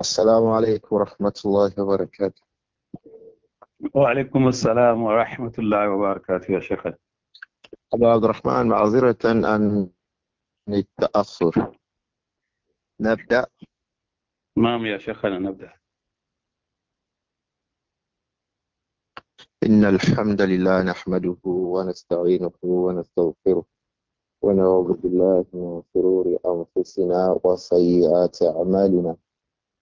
السلام عليكم ورحمة الله وبركاته وعليكم السلام ورحمة الله وبركاته يا شيخ أبو عبد الرحمن معذرة أن للتأثر نبدأ نعم يا شيخنا نبدأ إن الحمد لله نحمده ونستعينه ونستغفره ونعوذ بالله من شرور أنفسنا وسيئات أعمالنا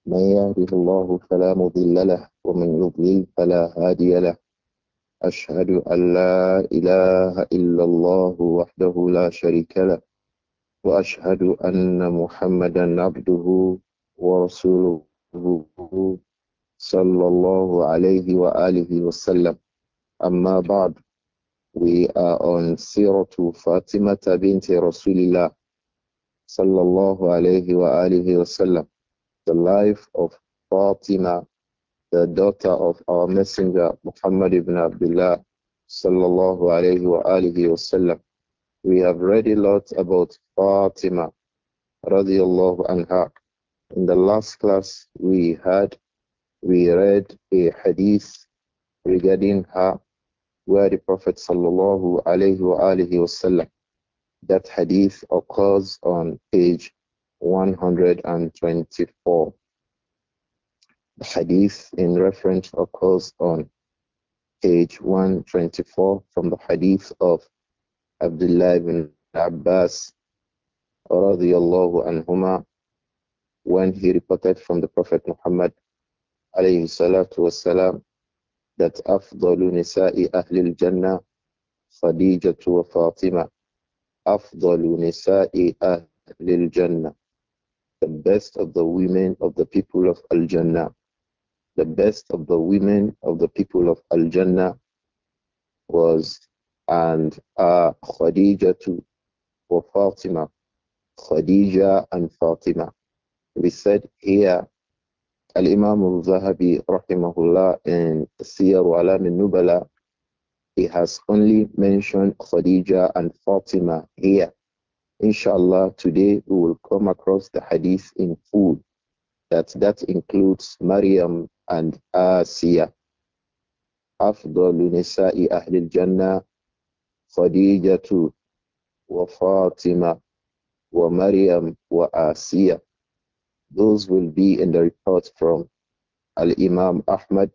من يهده الله فلا مضل له ومن يضلل فلا هادي له أشهد أن لا إله إلا الله وحده لا شريك له وأشهد أن محمدا عبده ورسوله صلى الله عليه وآله وسلم أما بعد we are on Siratu Fatimata binti Rasulillah the life of Fatima the daughter of our messenger Muhammad ibn Abdullah sallallahu alayhi wa alihi wasallam we have read a lot about Fatima radiallahu anha. In the last class we had, we read a hadith regarding her where the Prophet sallallahu alayhi wa alihi wasallam, that hadith occurs on page 124. The hadith in reference occurs on page 124 from the hadith of Abdullah ibn Abbas radiyallahu anhuma when he reported from the Prophet Muhammad alayhi salatu wasalam that afdalu nisa'i ahli al-jannah Khadijah wa Fatima afdalu nisa'i ahli al-jannah the best of the women of the people of al-jannah the best of the women of the people of al-jannah was and uh, Khadija to Fatima. Khadija and Fatima. We said here, Al-Imam al-Zahabi, rahimahullah, in Siyar Alam al-Nubala, he has only mentioned Khadija and Fatima here. Inshallah, today we will come across the hadith in full. That that includes Maryam and Asiya. أفضل نساء أهل الجنة Wa Maryam, Wa Asiya. those will be in the report from Al-Imam Ahmad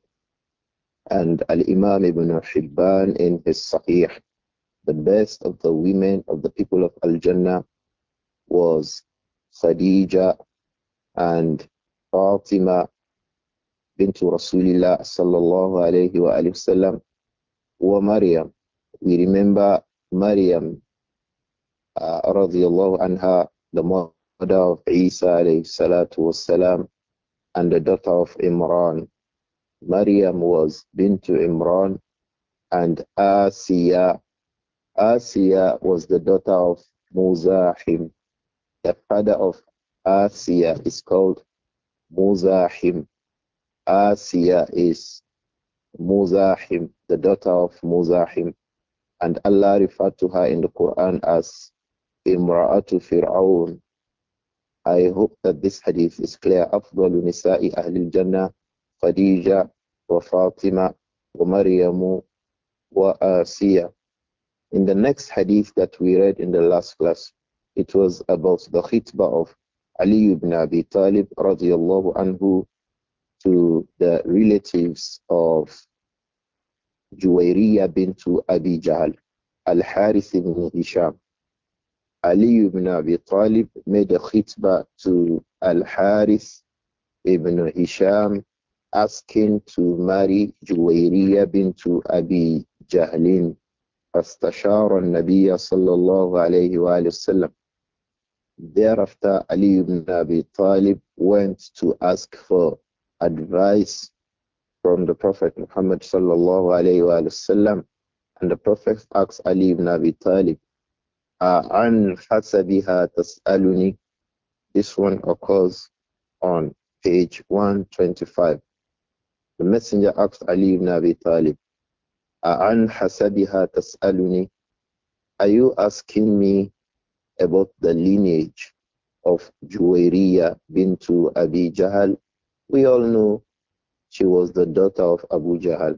and Al-Imam Ibn Hibban in his Sahih. The best of the women of the people of Al-Jannah was Khadija and Fatima bint Rasulillah sallallahu alayhi wa sallam wa Maryam we remember Maryam uh, anha, the mother of Isa alayhi salatu wasalam, and the daughter of Imran. Maryam was bint Imran and Asiya. Asiya was the daughter of Muzahim. The father of Asiya is called Muzahim. Asiya is Muzahim, the daughter of Muzahim. And Allah referred to her in the Quran as Imra'atu Fir'aun. I hope that this hadith is clear. أفضل نساء أهل الجنة خديجة وفاطمة ومريم وآسيا. In the next hadith that we read in the last class, it was about the khitbah of Ali ibn Abi Talib radiallahu anhu to the relatives of Juwairiya bint Abi Jahl al Haris ibn Hisham. Ali ibn Abi Talib made a khitbah to al Haris ibn Hisham asking to marry Juwayriya bint Abi Jahlin. فاستشار النبي صلى الله عليه وآله وسلم Thereafter, Ali ibn Abi Talib went to ask for advice from the Prophet Muhammad sallallahu alayhi wa وسلم. And the Prophet asks Ali ibn Abi Talib, An hasabiha tas'aluni. This one occurs on page 125. The messenger asked Ali ibn Abi Talib, An hasabiha tas'aluni. Are you asking me about the lineage of Juwairiya bintu Abi Jahal? We all know she was the daughter of Abu Jahal.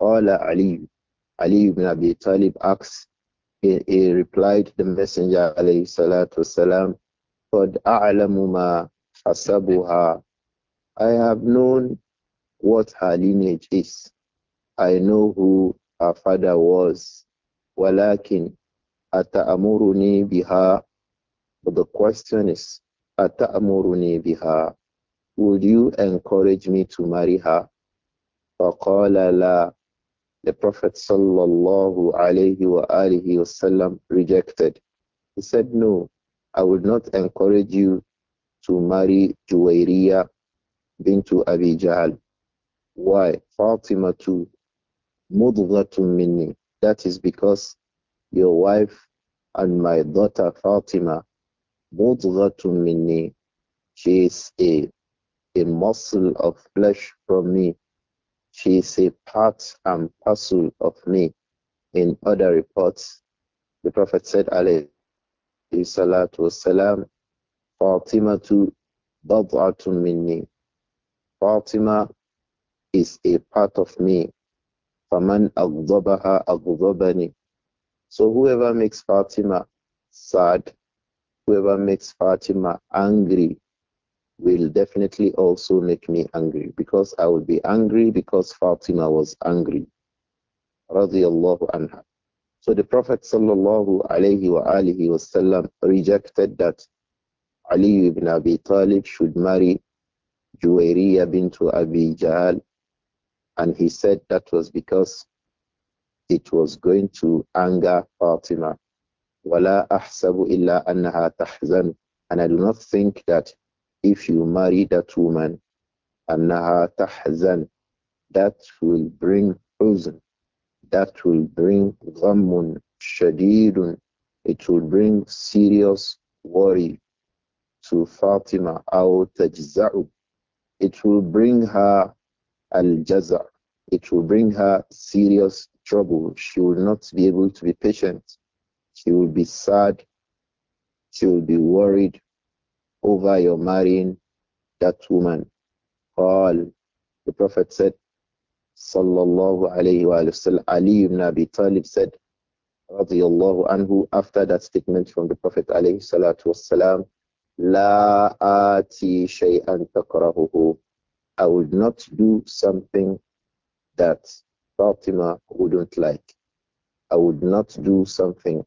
قال علي Ali ibn Abi Talib asked, he, he replied to the Messenger, alayhi salatu salam, قَدْ I have known what her lineage is. I know who her father was. وَلَكِنْ أَتَأْمُرُنِي biha. But the question is, أَتَأْمُرُنِي biha. Would you encourage me to marry her? فَقَالَ لَا the Prophet sallallahu rejected. He said, No, I would not encourage you to marry Juwairiya bintu Abi Jahl. Why? Fatima to mudghatun minni. That is because your wife and my daughter Fatima mudghatun minni. She is a, a muscle of flesh from me. She is a part and parcel of me. In other reports, the Prophet said, alayhi salatu wasalam, Fatima tu bad'atun minni. Fatima is a part of me. Faman aghdabaha aghdabani. So whoever makes Fatima sad, whoever makes Fatima angry, will definitely also make me angry because I will be angry because Fatima was angry. anha. So the Prophet sallallahu wasallam rejected that Ali ibn Abi Talib should marry Juwairiya bint Abi Jahl and he said that was because it was going to anger Fatima. وَلَا أَحْسَبُ إِلَّا أَنَّهَا تَحْزَنُ And I do not think that if you marry that woman, annaha تَحْزَنَ, that will bring حزن, that will bring ghammun shadidun, it will bring serious worry to Fatima أو tajza'u, it will bring her al it will bring her serious trouble. She will not be able to be patient. She will be sad. She will be worried over your marrying that woman. All the Prophet said, Sallallahu Alaihi Wasallam, Ali ibn Abi Talib said, Radiallahu anhu, after that statement from the Prophet Alayhi Salatu Wasalam, La ati shay'an takrahuhu. I would not do something that Fatima wouldn't like. I would not do something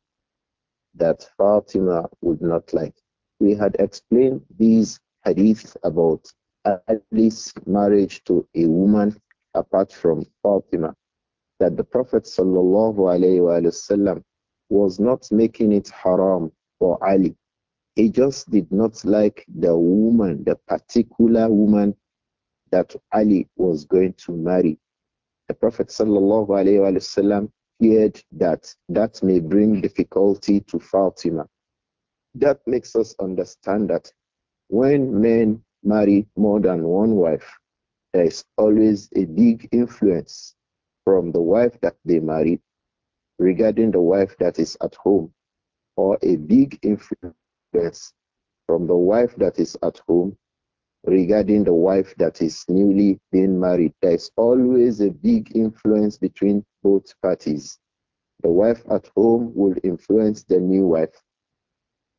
that Fatima would not like we had explained these hadith about Ali's marriage to a woman apart from Fatima, that the Prophet وسلم, was not making it haram for Ali. He just did not like the woman, the particular woman that Ali was going to marry. The Prophet وسلم, feared that that may bring difficulty to Fatima. That makes us understand that when men marry more than one wife, there is always a big influence from the wife that they married regarding the wife that is at home, or a big influence from the wife that is at home regarding the wife that is newly being married. There is always a big influence between both parties. The wife at home will influence the new wife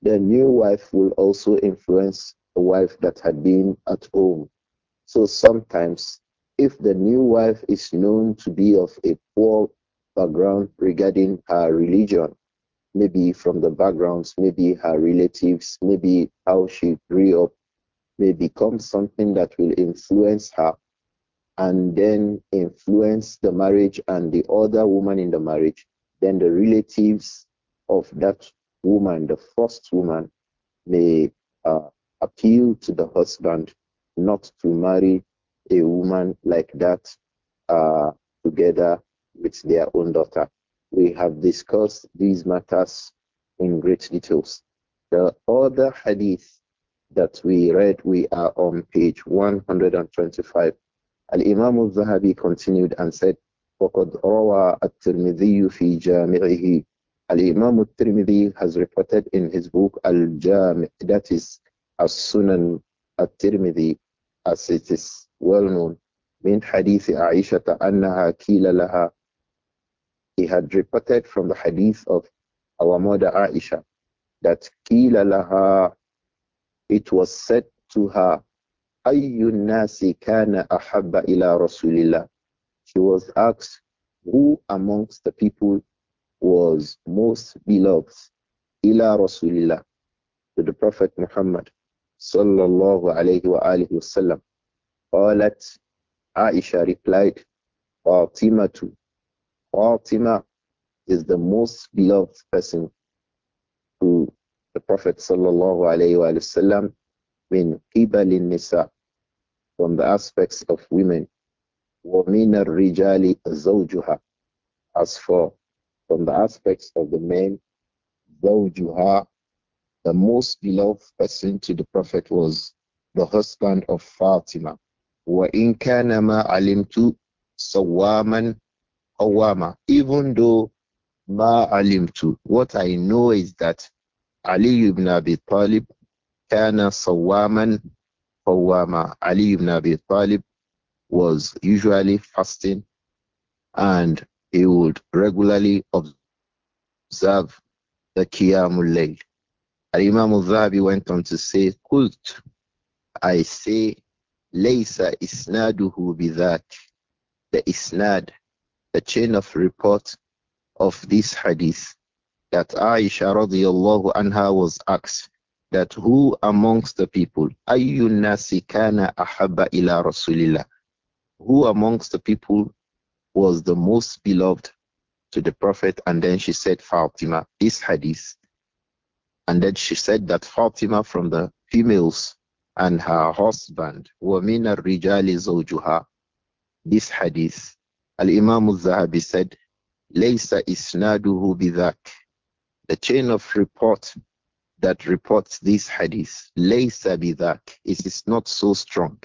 the new wife will also influence the wife that had been at home. So sometimes, if the new wife is known to be of a poor background regarding her religion, maybe from the backgrounds, maybe her relatives, maybe how she grew up, may become something that will influence her and then influence the marriage and the other woman in the marriage, then the relatives of that woman, the first woman, may uh, appeal to the husband not to marry a woman like that uh, together with their own daughter. We have discussed these matters in great details. The other hadith that we read, we are on page 125. Al-Imam al-Zahabi continued and said, وقد روى الترمذي في جامعه Al-Imam al-Tirmidhi has reported in his book Al-Jami, that is As-Sunan al-Tirmidhi, as it is well known, min hadith Aisha annaha kila laha. He had reported from the hadith of our mother Aisha that kila laha, it was said to her, ayyun nasi kana ahabba ila rasulillah. She was asked, who amongst the people was most beloved ila rasulillah to the prophet muhammad sallallahu alayhi wa alihi wasallam qalat aisha replied fatima too fatima is the most beloved person to the prophet sallallahu alayhi wa sallam min qibal nisa from the aspects of women ومن rijali زوجها as for from the aspects of the men, Zawjuha, the most beloved person to the Prophet was the husband of Fatima. وَإِن كَانَ مَا عَلِمْتُ صَوَّامًا قَوَّامًا Even though مَا عَلِمْتُ What I know is that Ali ibn Abi Talib كَانَ صَوَّامًا awama. Ali ibn Abi Talib was usually fasting and he would regularly observe the Qiyamul Layl. Imam al-Zahabi went on to say, Kult, I say, Laysa isnaduhu bidhak. The isnad, the chain of report of this hadith, that Aisha radiallahu anha was asked, that who amongst the people, ayyun nasi kana ahabba ila rasulillah, who amongst the people was the most beloved to the Prophet. And then she said, Fatima, this hadith. And then she said that Fatima from the females and her husband, وَمِنَ rijali زَوْجُهَا This hadith, Al-Imam al-Zahabi said, "Laysa إِسْنَادُهُ بِذَاكِ The chain of report that reports this hadith, laysa بِذَاكِ It is not so strong.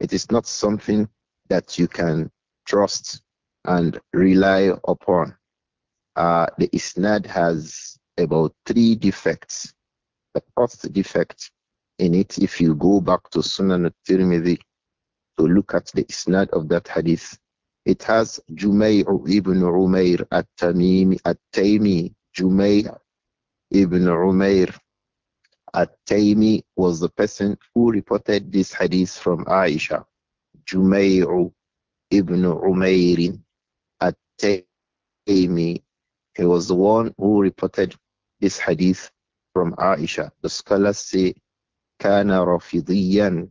It is not something that you can trust and rely upon. Uh, the isnad has about three defects. The first defect in it, if you go back to Sunan al-Tirmidhi to look at the isnad of that hadith, it has Jumayr ibn Umair at-Tamimi at-Taymi. Jumayr ibn Umair at-Taymi was the person who reported this hadith from Aisha. Jumayr ibn Umairin Taymi, he was the one who reported this hadith from Aisha. The scholars say, Kana Rafidiyan.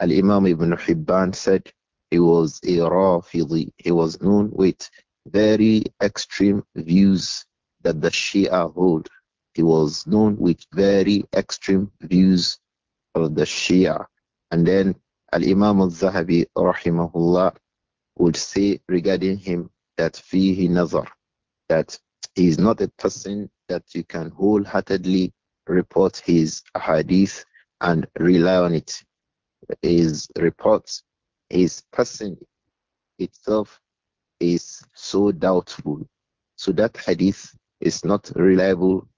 Al Imam ibn Hibban said he was a Rafidi. He was known with very extreme views that the Shia hold. He was known with very extreme views of the Shia. And then Al Imam al Zahabi, rahimahullah, would say regarding him that fihi nazar, that he is not a person that you can wholeheartedly report his hadith and rely on it. His reports, his person itself is so doubtful. So that hadith is not reliable,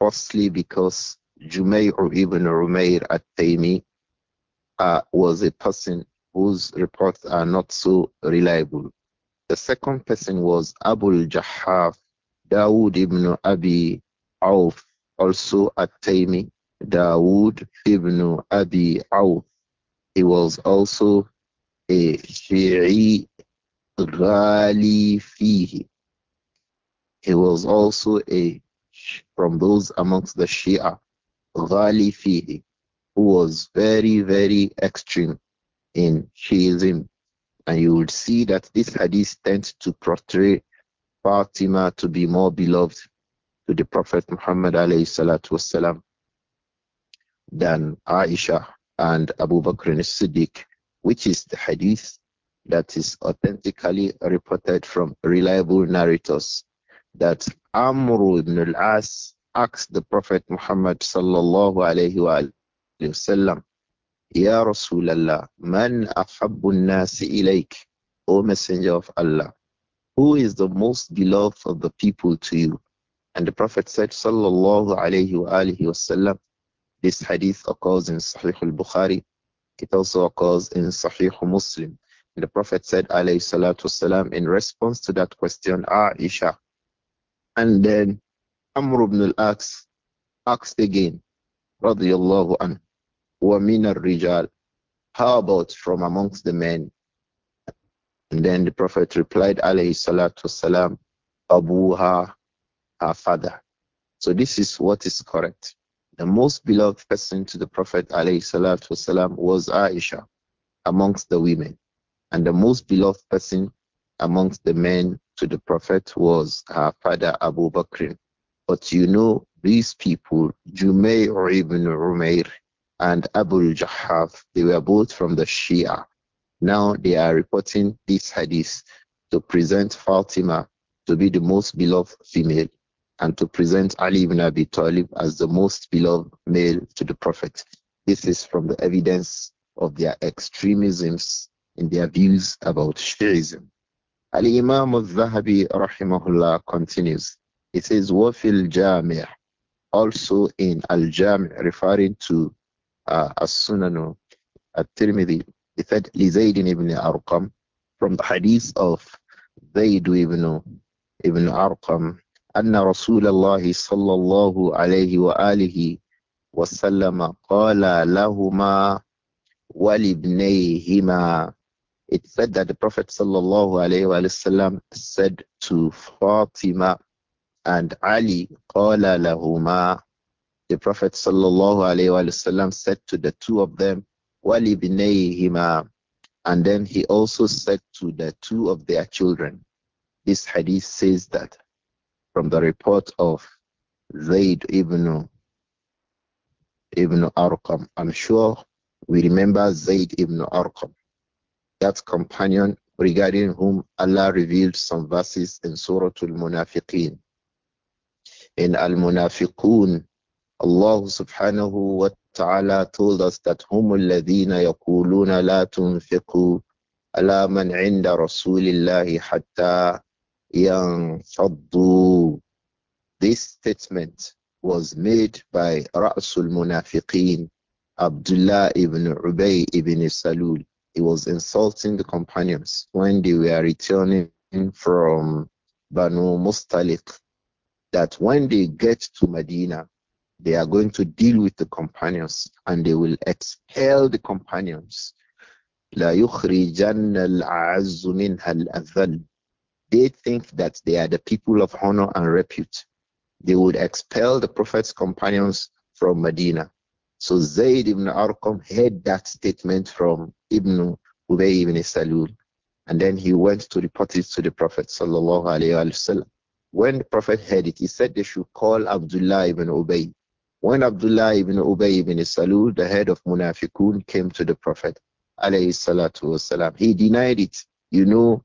firstly because Jumayr or ibn Rumayr at Taymi uh, was a person whose reports are not so reliable. The second person was Abu Jahaf Dawood ibn Abi Auf, also at Taymi, Dawood ibn Abi Auf. He was also a Shi'i Ghali Fihi. He was also a from those amongst the Shia Ghali Fihi, who was very, very extreme in Shiism. And you will see that this hadith tends to portray Fatima to be more beloved to the Prophet Muhammad والسلام, than Aisha and Abu Bakr as-Siddiq, which is the hadith that is authentically reported from reliable narrators that Amr ibn al-As asked the Prophet Muhammad sallallahu alayhi wa sallam Ya Rasulallah, man ahabbun nasi ilayk, O Messenger of Allah, who is the most beloved of the people to you? And the Prophet said, Sallallahu alayhi wa alihi wasallam, this hadith occurs in Sahih al-Bukhari. It also occurs in Sahih Muslim. And the Prophet said, alayhi salatu wasalam, in response to that question, Aisha. And then Amr ibn al-Aqs asked again, radiyallahu anhu, وَمِنَ rijal How about from amongst the men? And then the Prophet replied, alayhi salatu wasalam, Abuha, her father. So this is what is correct. The most beloved person to the Prophet alayhi salatu was Aisha amongst the women. And the most beloved person amongst the men to the Prophet was her father Abu Bakr. But you know, these people, or ibn Umair, and Abu Jahaf. They were both from the Shia. Now they are reporting this hadith to present Fatima to be the most beloved female and to present Ali ibn Abi Talib as the most beloved male to the Prophet. This is from the evidence of their extremisms in their views about Shiism. Al Imam al Zahabi rahimahullah continues. It says Wafil Jami' also in Al Jami' referring to uh, As-Sunan At-Tirmidhi. He said, لِزَيْدٍ ibn Arqam from the hadith of Zaid ibn, ibn Arqam أن رسول الله صلى الله عليه وآله وسلم قال لهما ولابنيهما It said that the Prophet sallallahu alayhi wa وسلم said to Fatima and Ali قال لهما the Prophet said to the two of them, وَلِبْنَيْهِمَا And then he also said to the two of their children. This hadith says that from the report of Zayd ibn, ibn Arqam. I'm sure we remember Zayd ibn Arqam, that companion regarding whom Allah revealed some verses in Surah Al-Munafiqeen. In Al-Munafiqun, Allah subhanahu wa ta'ala told us that humul ladina yakuluna la tunfiqu ala man inda rasulillahi hatta yanfaddu. This statement was made by Ra'sul Munafiqeen, Abdullah ibn Ubay ibn Salul. He was insulting the companions when they were returning from Banu Mustalik that when they get to Medina, they are going to deal with the companions and they will expel the companions. they think that they are the people of honor and repute. They would expel the Prophet's companions from Medina. So Zayd ibn Arqam heard that statement from Ibn Ubay ibn Salul. And then he went to report it to the Prophet. Alayhi alayhi when the Prophet heard it, he said they should call Abdullah ibn Ubay. When Abdullah ibn Ubay ibn Salul, the head of Munafiqun, came to the Prophet, والسلام, he denied it. You know,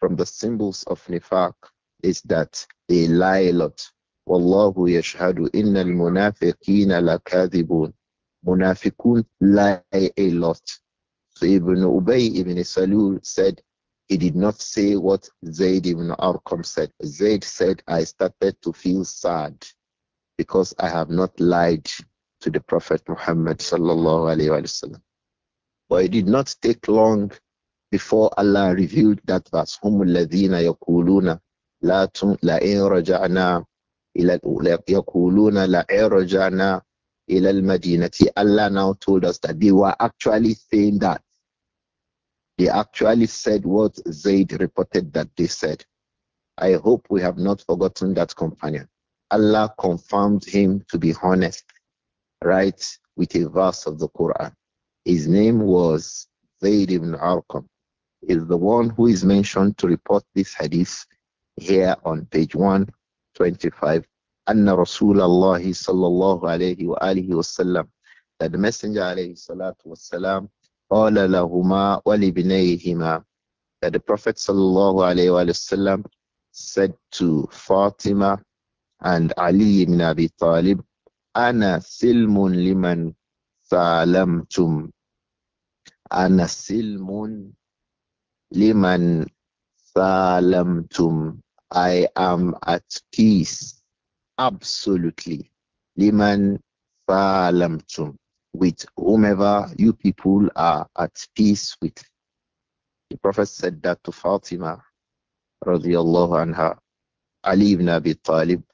from the symbols of nifaq is that they lie a lot. Wallahu yashhadu innal munafiqina lakadhibun. Munafiqun lie a lot. So Ibn Ubay ibn Salul said, he did not say what Zayd ibn Arqam said. Zayd said, I started to feel sad because I have not lied to the Prophet Muhammad sallallahu alaihi wasallam. But it did not take long before Allah revealed that verse. هم yakuluna la لا تم لئن رجعنا إلى Allah now told us that they were actually saying that. They actually said what Zaid reported that they said. I hope we have not forgotten that companion. Allah confirmed him to be honest, right, with a verse of the Quran. His name was Zayd ibn Arqam, is the one who is mentioned to report this hadith here on page 125. Anna Rasulullah sallallahu alayhi wa sallam. that the Messenger alayhi salatu wasalam, qala lahuma wa libnayhima, that the Prophet sallallahu alayhi wa sallam said to Fatima and Ali ibn Abi Talib, Ana silmun liman salamtum. Ana silmun liman salamtum. I am at peace, absolutely. Liman salamtum. With whomever you people are at peace with. The Prophet said that to Fatima, radiallahu anha. Ali ibn Abi Talib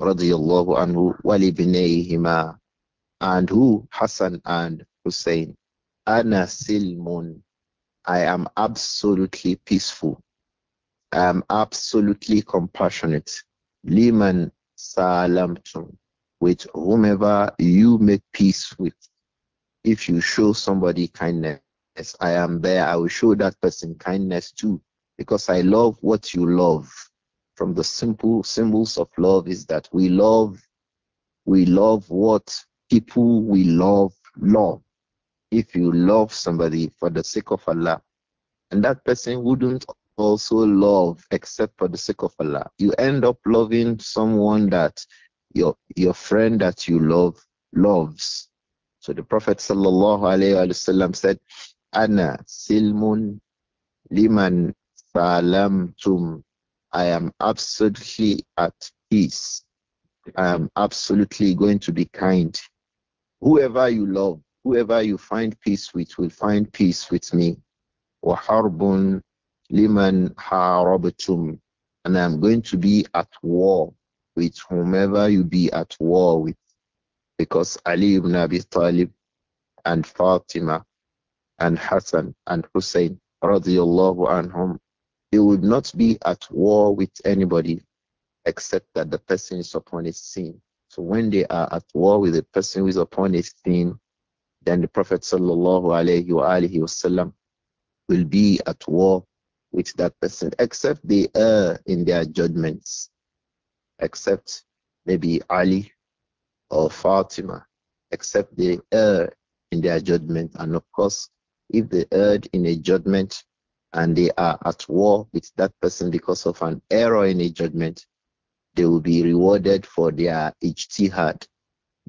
radiallahu anhu walibnayhima and who Hassan and Hussein ana silmun I am absolutely peaceful I am absolutely compassionate liman salamtum with whomever you make peace with if you show somebody kindness I am there I will show that person kindness too because I love what you love from the simple symbols of love is that we love, we love what people we love love. If you love somebody for the sake of Allah, and that person wouldn't also love except for the sake of Allah, you end up loving someone that your your friend that you love loves. So the Prophet sallallahu alaihi wasallam said, "Ana silmun liman salamtum I am absolutely at peace. I am absolutely going to be kind. Whoever you love, whoever you find peace with, will find peace with me. وَحَرْبٌ لِمَنْ حَارَبْتُمْ And I am going to be at war with whomever you be at war with. Because Ali ibn Abi Talib and Fatima and Hassan and Hussein radiallahu anhum they would not be at war with anybody except that the person is upon a sin. So when they are at war with a person who is upon a sin, then the Prophet sallallahu wasallam will be at war with that person, except they err in their judgments, except maybe Ali or Fatima, except they err in their judgment. And of course, if they erred in a judgment and they are at war with that person because of an error in a judgment, they will be rewarded for their ijtihad,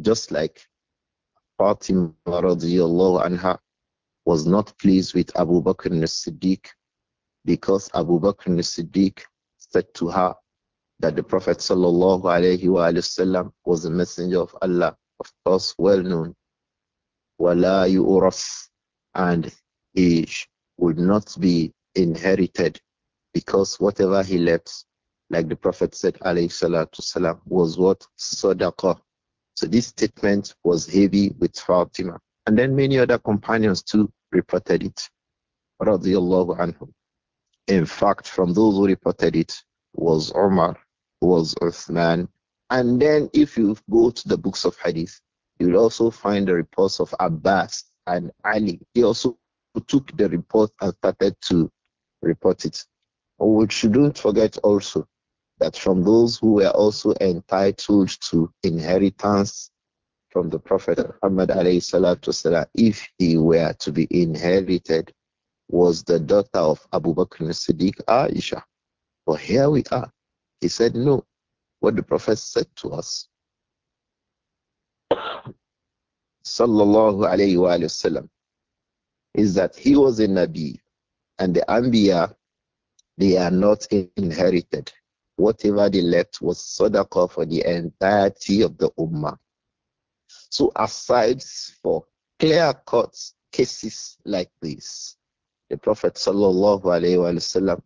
just like Fatima radiallahu anha was not pleased with Abu Bakr as-Siddiq because Abu Bakr as-Siddiq said to her that the Prophet sallallahu was a messenger of Allah, of course well known, wala yu'raf, and he would not be inherited because whatever he left, like the Prophet said, والسلام, was what? Sadaqah. So this statement was heavy with Fatima. And then many other companions too reported it. In fact, from those who reported it was Omar, was Uthman. And then if you go to the books of Hadith, you'll also find the reports of Abbas and Ali. They also who took the report and started to report it. We shouldn't forget also that from those who were also entitled to inheritance from the Prophet Muhammad if he were to be inherited, was the daughter of Abu Bakr Siddiq Aisha. But here we are. He said, No, what the Prophet said to us. Sallallahu alayhi wa sallam is that he was a Nabi and the Anbiya, they are not inherited. Whatever they left was sadaqah for the entirety of the Ummah. So aside for clear cut cases like this, the Prophet wasallam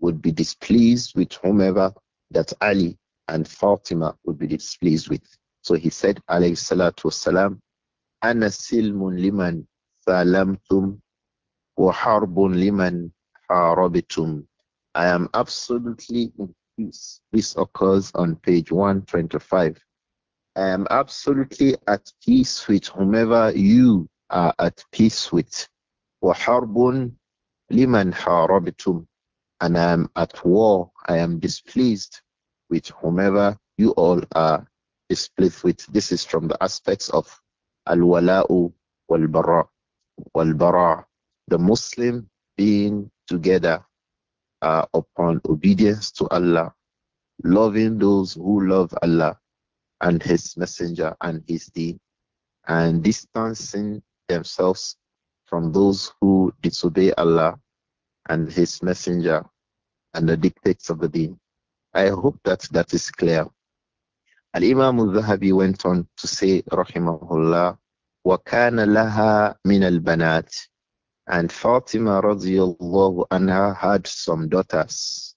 would be displeased with whomever that Ali and Fatima would be displeased with. So he said, alayhi salatu wasalam, ana silmun liman salamtum wa harbun liman harabitum. I am absolutely in peace. This occurs on page 125. I am absolutely at peace with whomever you are at peace with. And I am at war, I am displeased with whomever you all are displeased with. This is from the aspects of al-wala'u wal-bara wal the Muslim being together uh, upon obedience to Allah, loving those who love Allah and His Messenger and His Deen, and distancing themselves from those who disobey Allah and His Messenger and the dictates of the Deen. I hope that that is clear. Al Imam al Zahabi went on to say, Rahimahullah, وَكَانَ لَهَا مِنَ الْبَنَاتِ And Fatima radiallahu anha had some daughters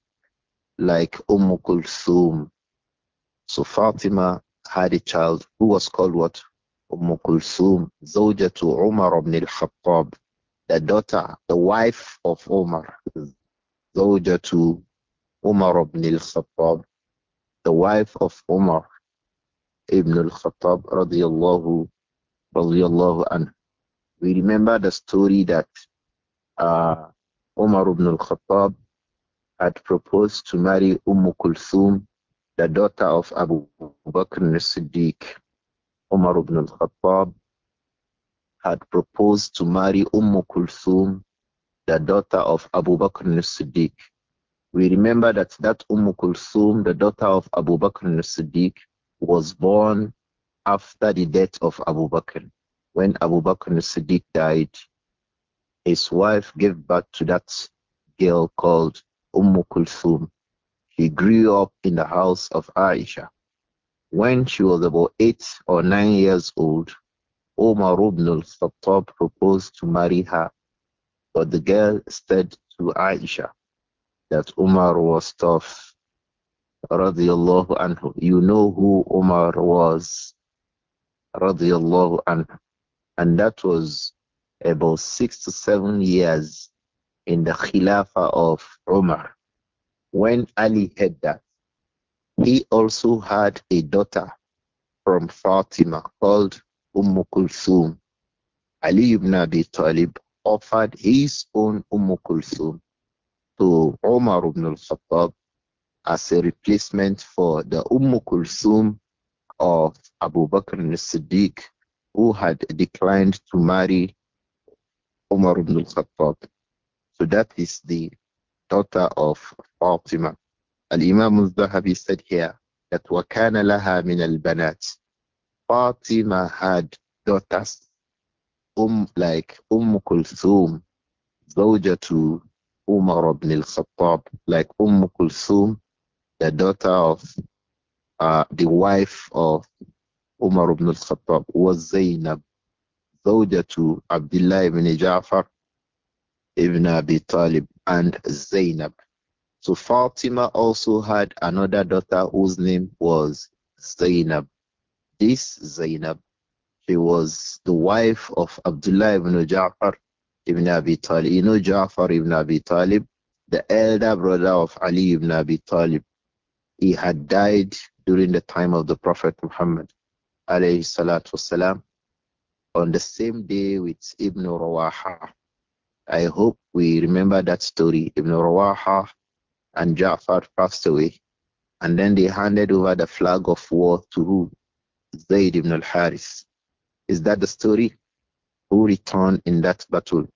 like Umm Kulthum. So Fatima had a child who was called what? Umm Kulthum, Zawjatu Umar ibn al-Khattab, the daughter, the wife of Umar, Zawjatu Umar ibn al-Khattab, the wife of Umar ibn al-Khattab radiyallahu radiallahu anhu. We remember the story that uh, Umar ibn al-Khattab had proposed to marry Umm Kulthum, the daughter of Abu Bakr al-Siddiq. Umar ibn al-Khattab had proposed to marry Umm Kulthum, the daughter of Abu Bakr al-Siddiq. We remember that that Umm Kulthum, the daughter of Abu Bakr al-Siddiq, was born after the death of Abu Bakr. When Abu Bakr Siddiq died, his wife gave birth to that girl called Umm Kulthum. She grew up in the house of Aisha. When she was about eight or nine years old, Omar ibn al-Khattab proposed to marry her, but the girl said to Aisha that Omar was tough. Radiallahu anhu. You know who Omar was radiallahu and And that was about six to seven years in the Khilafah of Umar. When Ali had that, he also had a daughter from Fatima called Umm Kulthum. Ali ibn Abi Talib offered his own Umm Kulthum to Umar ibn al-Khattab as a replacement for the Umm Kulthum of Abu Bakr al-Siddiq who had declined to marry Umar ibn al-Khattab. So that is the daughter of Fatima. Al-Imam al-Zahabi said here that وَكَانَ لَهَا مِنَ الْبَنَاتِ Fatima had daughters um, like Umm Kulthum, Zawja to Umar ibn al-Khattab, like Umm Kulthum, the daughter of uh, the wife of Umar ibn al-Khattab was Zainab, to Abdullah ibn Ja'far ibn Abi Talib and Zainab. So Fatima also had another daughter whose name was Zainab. This Zainab, she was the wife of Abdullah ibn Ja'far ibn Abi Talib. You know Ja'far ibn Abi Talib, the elder brother of Ali ibn Abi Talib. He had died during the time of the Prophet Muhammad alayhi on the same day with Ibn Rawaha. I hope we remember that story. Ibn Rawaha and Ja'far passed away, and then they handed over the flag of war to who? Zayd ibn al-Haris. Is that the story? Who returned in that battle?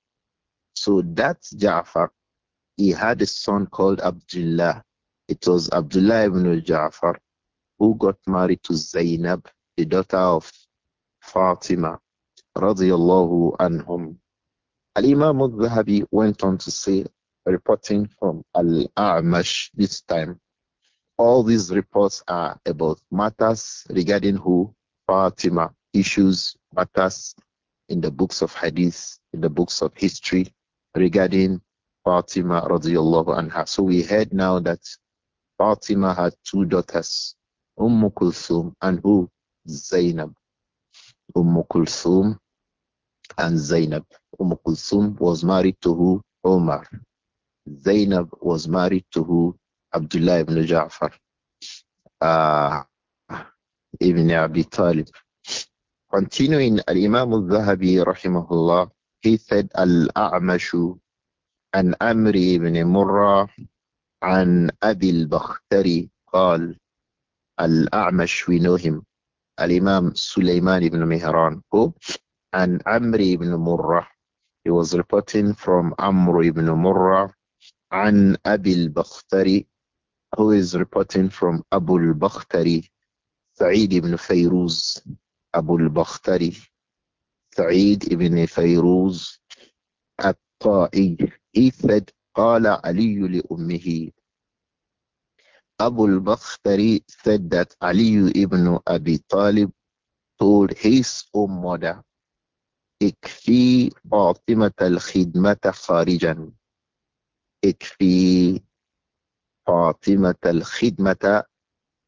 So that Ja'far, he had a son called Abdullah. It was Abdullah ibn al-Ja'far who got married to Zainab, the daughter of Fatima, radiallahu anhum. Al-Imam al-Zahabi went on to say, reporting from Al-A'mash this time, all these reports are about matters regarding who? Fatima, issues, matters in the books of hadith, in the books of history regarding Fatima radiallahu anha. So we heard now that Fatima had two daughters, Umm Kulsum and who? Zainab. Umm Kulsum and Zainab. Umm Kulsum was married to who? Omar. Zainab was married to who? Abdullah ibn Ja'far. Uh, ibn Abi Talib. Continuing, Al-Imam al-Zahabi rahimahullah, he said, Al-A'mashu an Amri ibn Murrah عن أبي البختري قال Al-A'mash, we know him. Al-Imam Sulaiman ibn Mihran, who? And Amri ibn Murrah. He was reporting from Amr ibn Murrah an Abil Bakhtari, who is reporting from Abul Bakhtari, Sa'id ibn Fayruz, Abul Bakhtari, Sa'id ibn Fayruz, At-Ta'i. He said, قال علي لأمه Abul Bakhtari said that Ali ibn Abi Talib told his own mother, Ikfi Fatima al-Khidmata kharijan. Ikfi Fatimah al-Khidmata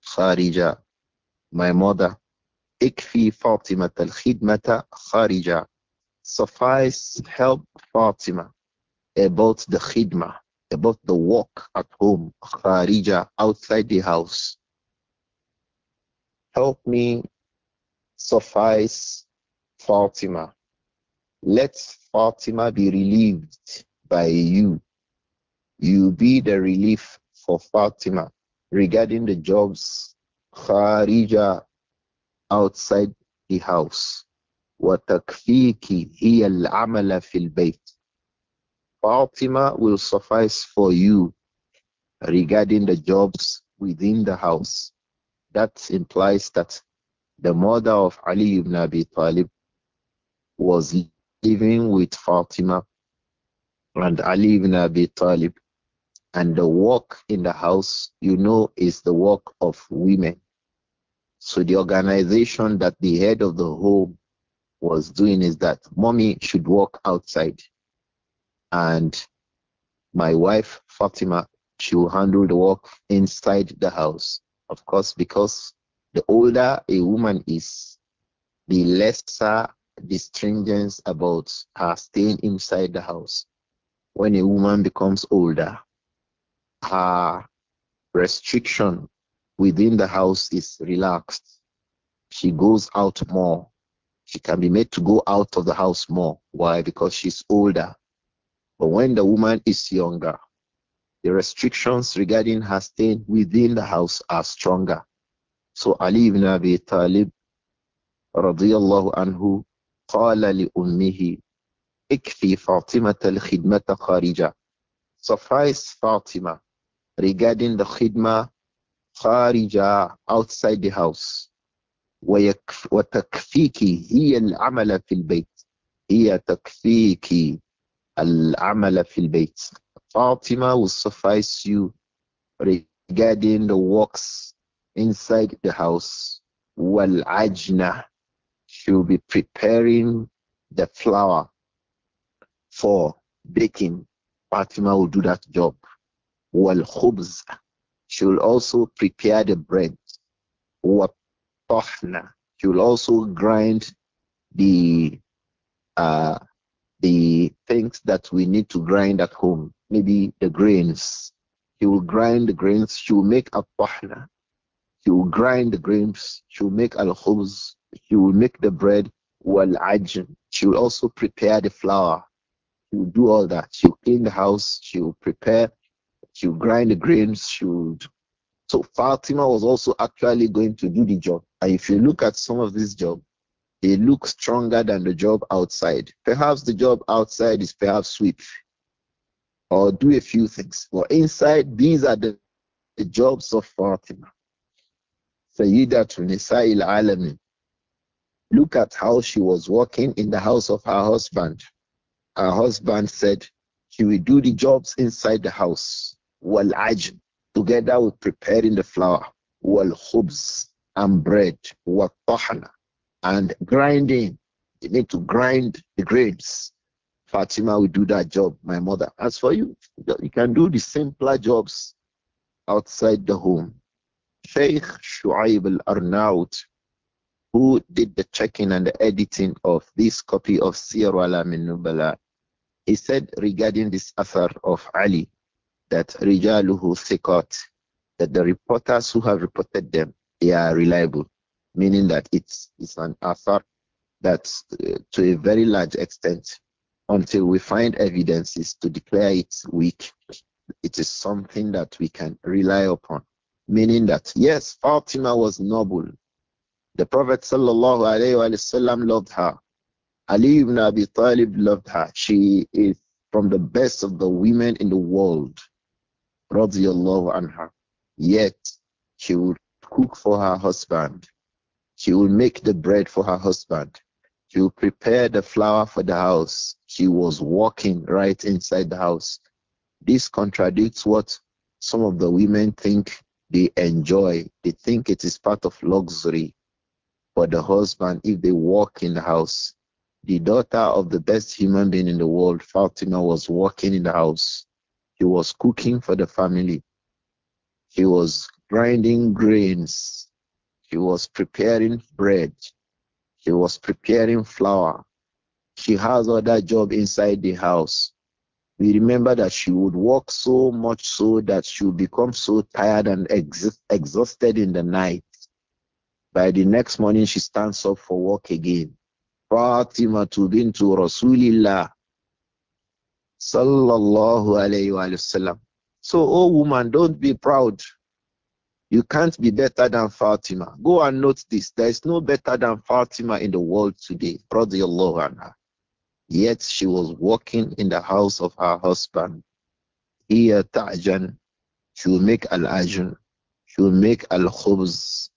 kharija. My mother, Ikfi Fatima al-Khidmata kharija. Suffice, help Fatima about the khidmah about the work at home, kharija, outside the house. Help me suffice Fatima. Let Fatima be relieved by you. You be the relief for Fatima regarding the jobs kharija outside the house. وتكفيك هي العمل في البيت Fatima will suffice for you regarding the jobs within the house. That implies that the mother of Ali ibn Abi Talib was living with Fatima and Ali ibn Abi Talib. And the work in the house, you know, is the work of women. So the organization that the head of the home was doing is that mommy should work outside and my wife Fatima, she will handle the work inside the house. Of course, because the older a woman is, the lesser the stringence about her staying inside the house. When a woman becomes older, her restriction within the house is relaxed. She goes out more. She can be made to go out of the house more. Why? Because she's older. But when the woman is younger, the restrictions regarding her staying within the house are stronger. So Ali ibn Abi Talib radiyallahu anhu قال لأمه اكفي فاطمة الخدمة خارجة Suffice Fatima regarding the khidmah خارجة outside the house وتكفيك هي العمل في البيت هي تكفيك al-amala fil bayt. Fatima will suffice you regarding the works inside the house. While ajna, she will be preparing the flour for baking. Fatima will do that job. While khubz, she will also prepare the bread. While tahna, she will also grind the uh, the things that we need to grind at home, maybe the grains. She will grind the grains, she will make a tahna. She will grind the grains, she will make al khubz, she will make the bread, wal ajn. She will also prepare the flour. She will do all that. She will clean the house, she will prepare, she will grind the grains, she will. So Fatima was also actually going to do the job. And if you look at some of this job, they look stronger than the job outside. Perhaps the job outside is perhaps sweep or do a few things. But inside, these are the, the jobs of Fatima. to Nisa'il Alamin. Look at how she was working in the house of her husband. Her husband said she will do the jobs inside the house. while ajm, together with preparing the flour. while khubz, and bread. Wal tahana, and grinding. you need to grind the grapes. Fatima will do that job, my mother. As for you, you can do the simpler jobs outside the home. Sheikh Shuaib al Arnaut, who did the checking and the editing of this copy of Sir Alamin Nubala, he said regarding this author of Ali that Rijaluhu Thiqat, that the reporters who have reported them, they are reliable meaning that it's, it's an affair that uh, to a very large extent, until we find evidences to declare it weak, it is something that we can rely upon. Meaning that, yes, Fatima was noble. The Prophet wasallam loved her. Ali ibn Abi Talib loved her. She is from the best of the women in the world. Radiallahu anha. Yet, she would cook for her husband. She will make the bread for her husband. She will prepare the flour for the house. She was walking right inside the house. This contradicts what some of the women think they enjoy. They think it is part of luxury for the husband if they walk in the house. The daughter of the best human being in the world, Fatima, was walking in the house. She was cooking for the family. She was grinding grains she was preparing bread. She was preparing flour. She has other job inside the house. We remember that she would work so much so that she would become so tired and ex exhausted in the night. By the next morning, she stands up for work again. Fatima to bin to Rasulillah sallallahu alayhi wa So, oh woman, don't be proud. You can't be better than Fatima. Go and note this. There is no better than Fatima in the world today. Anha. Yet she was walking in the house of her husband. Here ta'jan. She will make al-ajun. She will make al-khubz.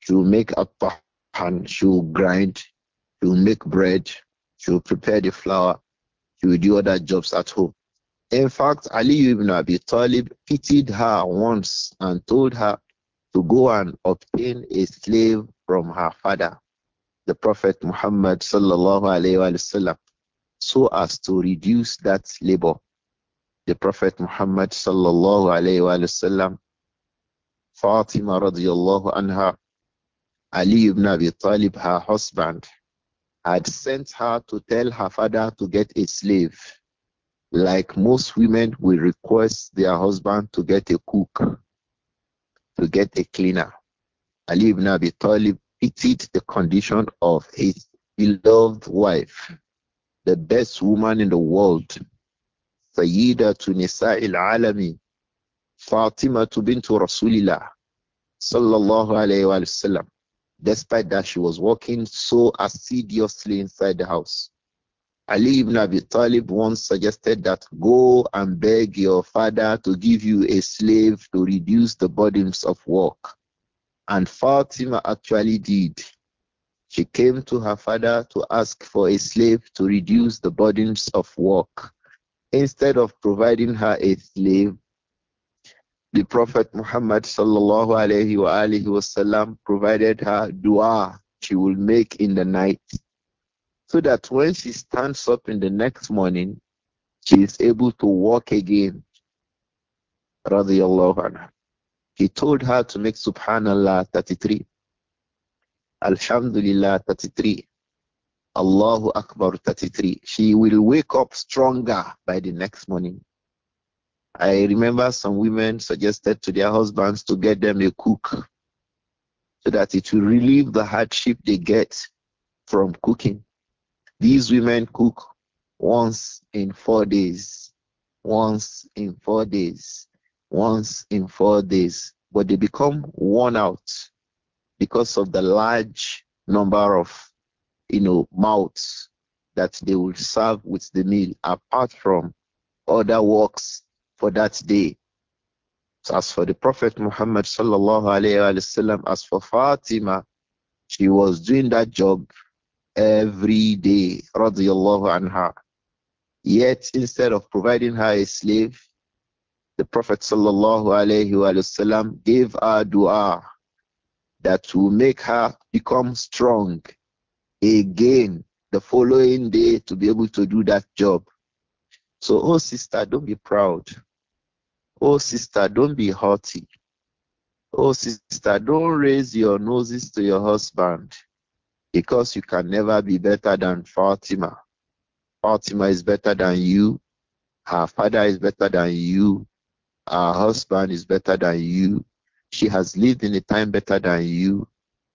She will make a pan. She will grind. She will make bread. She will prepare the flour. She will do other jobs at home. In fact, Ali ibn Abi Talib pitied her once and told her, to go and obtain a slave from her father, the Prophet Muhammad sallallahu alaihi wasallam, so as to reduce that labor. The Prophet Muhammad sallallahu alaihi wasallam, Fatima radiallahu anha, Ali ibn Abi Talib, her husband, had sent her to tell her father to get a slave. Like most women will request their husband to get a cook to get a cleaner. Ali ibn Abi Talib pitied the condition of his beloved wife, the best woman in the world, Sayyida to Nisa'il Alami, Fatima to bintu Rasulillah, sallallahu alayhi wa sallam. Despite that, she was working so assiduously inside the house. Ali ibn Abi Talib once suggested that go and beg your father to give you a slave to reduce the burdens of work. And Fatima actually did. She came to her father to ask for a slave to reduce the burdens of work. Instead of providing her a slave, the Prophet Muhammad sallallahu alaihi wasallam provided her dua she will make in the night so that when she stands up in the next morning, she is able to walk again. He told her to make Subhanallah 33, Alhamdulillah 33, Allahu Akbar 33. She will wake up stronger by the next morning. I remember some women suggested to their husbands to get them a cook so that it will relieve the hardship they get from cooking. These women cook once in four days, once in four days, once in four days, but they become worn out because of the large number of you know mouths that they will serve with the meal apart from other works for that day. So as for the Prophet Muhammad sallallahu alayhi wasallam, as for Fatima, she was doing that job every day, radiallahu anha. Yet instead of providing her a slave, the Prophet sallallahu alayhi gave her dua that will make her become strong again the following day to be able to do that job. So, oh sister, don't be proud. Oh sister, don't be haughty. Oh sister, don't raise your noses to your husband because you can never be better than Fatima. Fatima is better than you. Her father is better than you. Her husband is better than you. She has lived in a time better than you.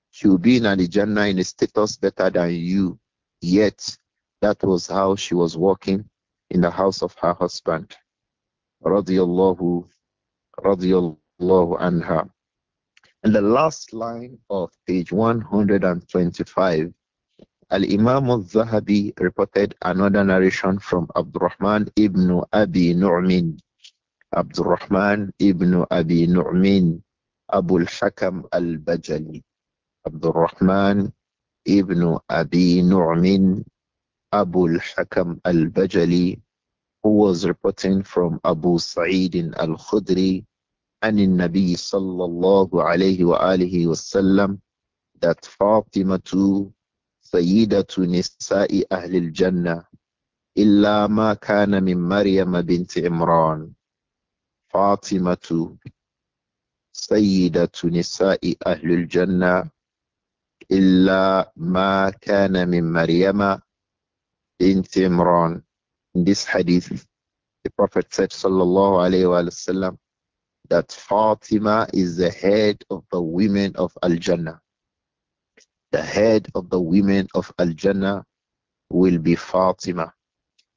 She will be in an agenda in a status better than you. Yet, that was how she was walking in the house of her husband. Radiallahu, radiallahu anha. And the last line of page 125, Al Imam al Zahabi reported another narration from Abdurrahman ibn Abi Nu'min. Abdurrahman ibn Abi Nu'min, Abu al Hakam al Bajali. Abdurrahman ibn Abi Nu'min, Abu al Hakam al Bajali, who was reporting from Abu Sa'id al Khudri عن النبي صلى الله عليه وآله وسلم that Fatima سيدة نساء أهل الجنة إلا ما كان من مريم بنت عمران فاطمة سيدة نساء أهل الجنة إلا ما كان من مريم بنت عمران In this hadith, the Prophet said, sallallahu alayhi wa sallam, that Fatima is the head of the women of Al Jannah. The head of the women of Al Jannah will be Fatima.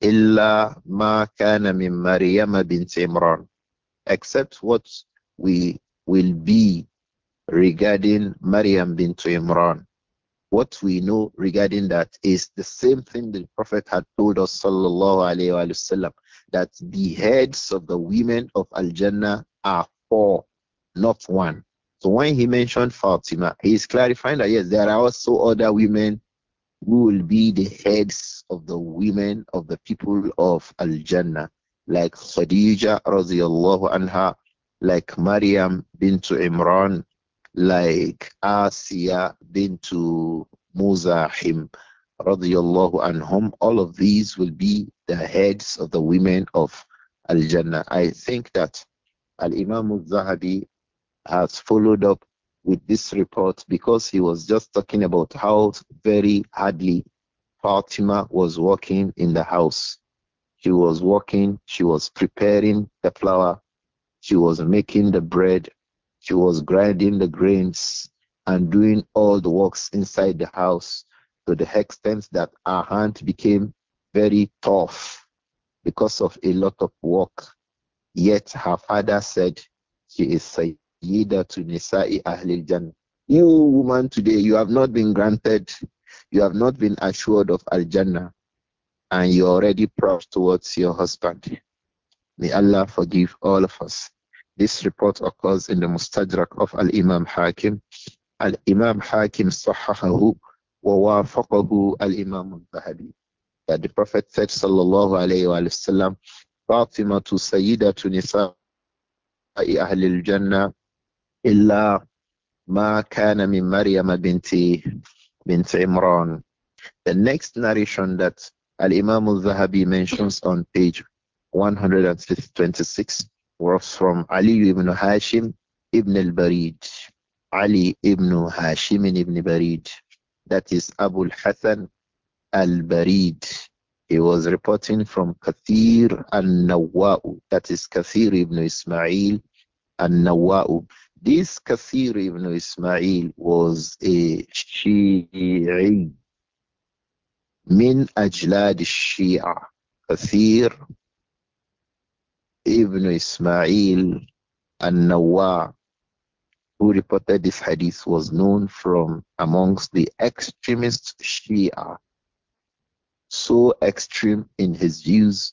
Illa ma kana min Maryama bint Imran. Except what we will be regarding Maryam bint Imran. What we know regarding that is the same thing the Prophet had told us, sallallahu alayhi wa that the heads of the women of Al Jannah are four, not one. So when he mentioned Fatima, he is clarifying that yes, there are also other women who will be the heads of the women of the people of Al Jannah, like Khadija radiallahu anha, like Maryam bintu Imran, like Asiya bintu Muzahim radiallahu anhum. All of these will be the heads of the women of Al Jannah. I think that Al Imam al Zahabi has followed up with this report because he was just talking about how very hardly Fatima was working in the house. She was working, she was preparing the flour, she was making the bread, she was grinding the grains, and doing all the works inside the house to the extent that her hand became very tough because of a lot of work. Yet her father said, She is Sayyida to Nisa'i Ahlil Jannah. You, woman, today, you have not been granted, you have not been assured of Al Jannah, and you're already proud towards your husband. May Allah forgive all of us. This report occurs in the Mustadrak of Al Imam Hakim. Al Imam Hakim Sahahahu wa wafaqahu Al Imam Al Zahabi. That the Prophet said, Sallallahu Alaihi Wasallam, Fatima to Sayyida to Nisa أهل الجنة إلا ما كان من Maryam بنت bint Imran? The next narration that Al-Imam al-Zahabi mentions on page 126 was from Ali ibn Hashim ibn al-Barid. Ali ibn Hashim ibn Barid. That is Abu al-Hasan al-Barid. He was reporting from Kathir al-Nawa'u, that is Kathir ibn Ismail al-Nawa'u. This Kathir ibn Ismail was a Shi'i, min ajlad Shia. Kathir ibn Ismail al-Nawa' who reported this hadith was known from amongst the extremist Shia so extreme in his views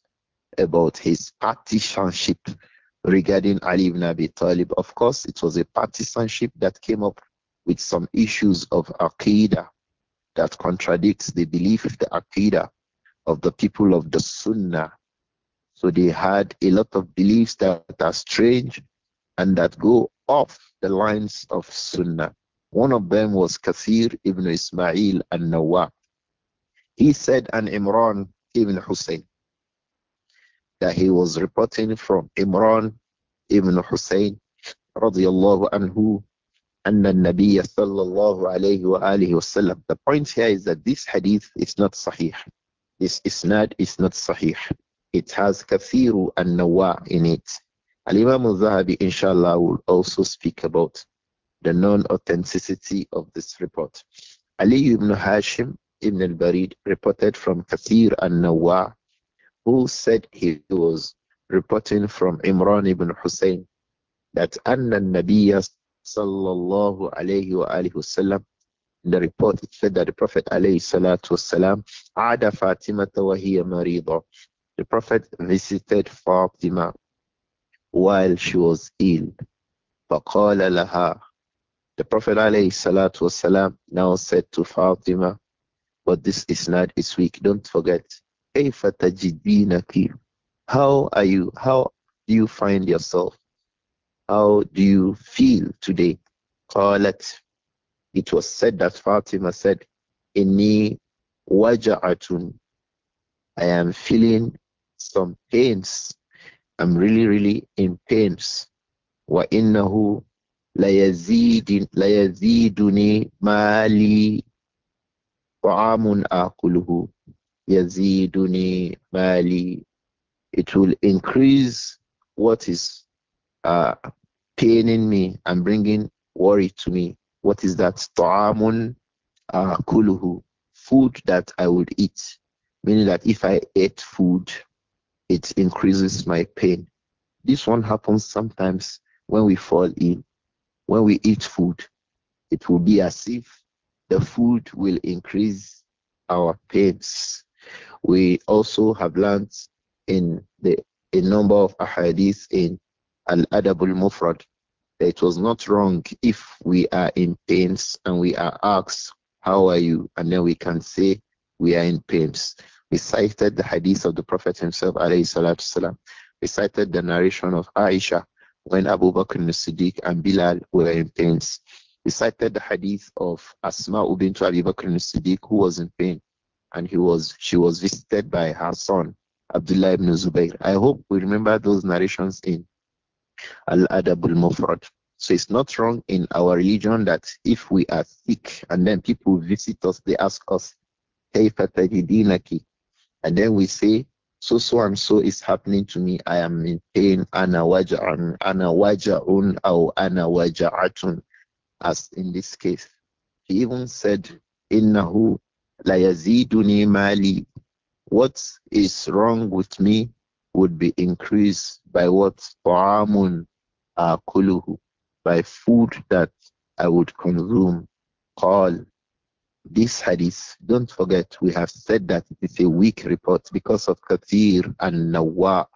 about his partisanship regarding Ali ibn Abi Talib. Of course, it was a partisanship that came up with some issues of Aqidah that contradicts the belief of the Aqidah of the people of the Sunnah. So they had a lot of beliefs that are strange and that go off the lines of Sunnah. One of them was Kathir ibn Ismail al Nawab. He said an Imran ibn Hussein that he was reporting from Imran ibn Hussein radiallahu anhu أن النبي صلى الله عليه وآله وسلم The point here is that this hadith is not sahih. This isnad is not sahih. It has kathiru and nawa in it. Al-Imam al-Zahabi inshallah will also speak about the non-authenticity of this report. Ali ibn Hashim ibn al-Barid reported from Kathir al-Nawwa, who said he was reporting from Imran ibn Hussein that Anna Nabiya sallallahu alayhi wa alihi wasallam the report it said that the Prophet alayhi salatu wasalam ada Fatima wa marido. The Prophet visited Fatima while she was ill. فقال لها The Prophet alayhi salatu wasalam now said to Fatima but this is not its week. Don't forget. How are you? How do you find yourself? How do you feel today? Qalat. It was said that Fatima said, Inni waja'atun. I am feeling some pains. I'm really, really in pains. Wa innahu layaziduni mali طعام آكله يزيدني مالي it will increase what is uh, paining me and bringing worry to me. What is that? amun akuluhu, food that I would eat. Meaning that if I ate food, it increases my pain. This one happens sometimes when we fall in. When we eat food, it will be as if the food will increase our pains. We also have learned in the a number of ahadith in Al Adabul Mufrad that it was not wrong if we are in pains and we are asked, How are you? and then we can say, We are in pains. We cited the hadith of the Prophet himself, alayhi We cited the narration of Aisha when Abu Bakr and Siddiq and Bilal were in pains recited the hadith of Asma ibn Abi Bakr al-Siddiq who was in pain and he was she was visited by her son Abdullah ibn Zubayr. I hope we remember those narrations in Al-Adab al-Mufrad. So it's not wrong in our religion that if we are sick and then people visit us, they ask us, Kayfa And then we say, so so and so is happening to me. I am in pain. Ana waja'un, ana waja'un, or ana waja'atun as in this case. He even said, Innahu layaziduni mali. What is wrong with me would be increased by what? Ta'amun akuluhu. By food that I would consume. Call this hadith, don't forget, we have said that it is a weak report because of Kathir and Nawa.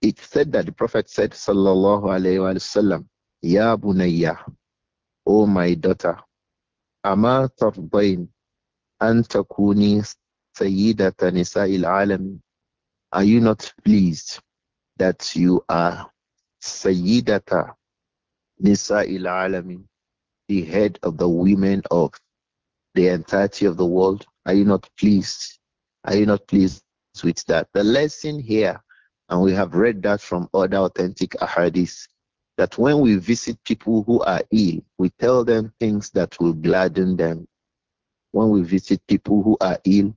It said that the Prophet said, Sallallahu Alaihi Wasallam, Ya Bunayya, O my daughter, أما tarbain, antakuni, Sayyidata سيدة نساء Are you not pleased that you are سيدة نساء العالم the head of the women of the entirety of the world? Are you not pleased? Are you not pleased with that? The lesson here, and we have read that from other authentic ahadith, that when we visit people who are ill, we tell them things that will gladden them. When we visit people who are ill,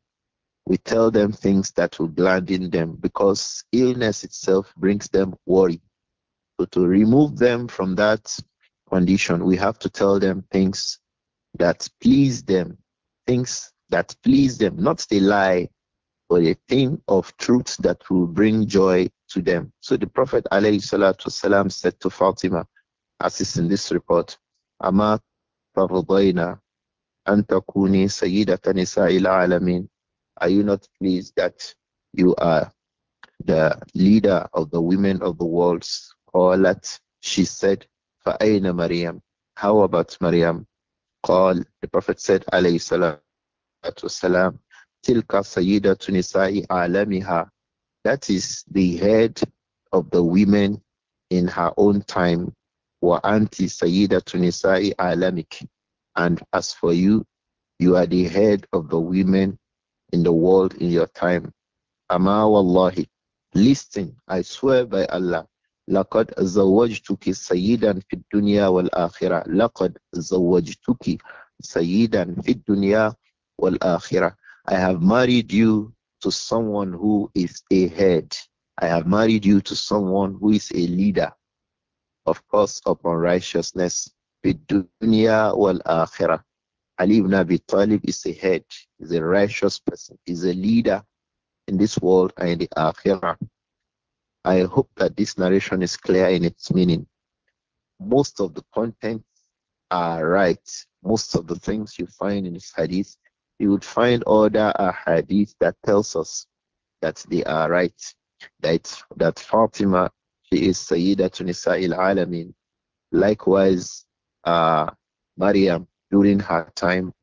we tell them things that will gladden them because illness itself brings them worry. So to remove them from that condition, we have to tell them things that please them, things that please them, not a lie, but a thing of truth that will bring joy them. So the Prophet والسلام, said to Fatima, "Assist in this report, Ama bayna, antakuni Sayyida sayyidata ila alamin. Are you not pleased that you are the leader of the women of the world? Qalat, she said, fa'ayna Maryam. How about Maryam? Qal, the Prophet said, alayhi salatu wasalam, tilka sayyidatu nisa'i alamiha. That is the head of the women in her own time were anti Sayyida Tunisai Alamic. And as for you, you are the head of the women in the world in your time. Ama wallahi. Listen, I swear by Allah. لقد زوجتك سيدا في الدنيا والآخرة لقد زوجتك سيدا في الدنيا والآخرة I have married you to someone who is a head. I have married you to someone who is a leader. Of course, upon righteousness, bidunya wal akhirah. Ali ibn Abi Talib is a head, is a righteous person, is a leader in this world and in the akhirah. I hope that this narration is clear in its meaning. Most of the content are right. Most of the things you find in this hadith you would find other hadith that tells us that they are right. That, that Fatima, she is Sayyidatun al-Amin. Likewise, uh, Maryam during her time,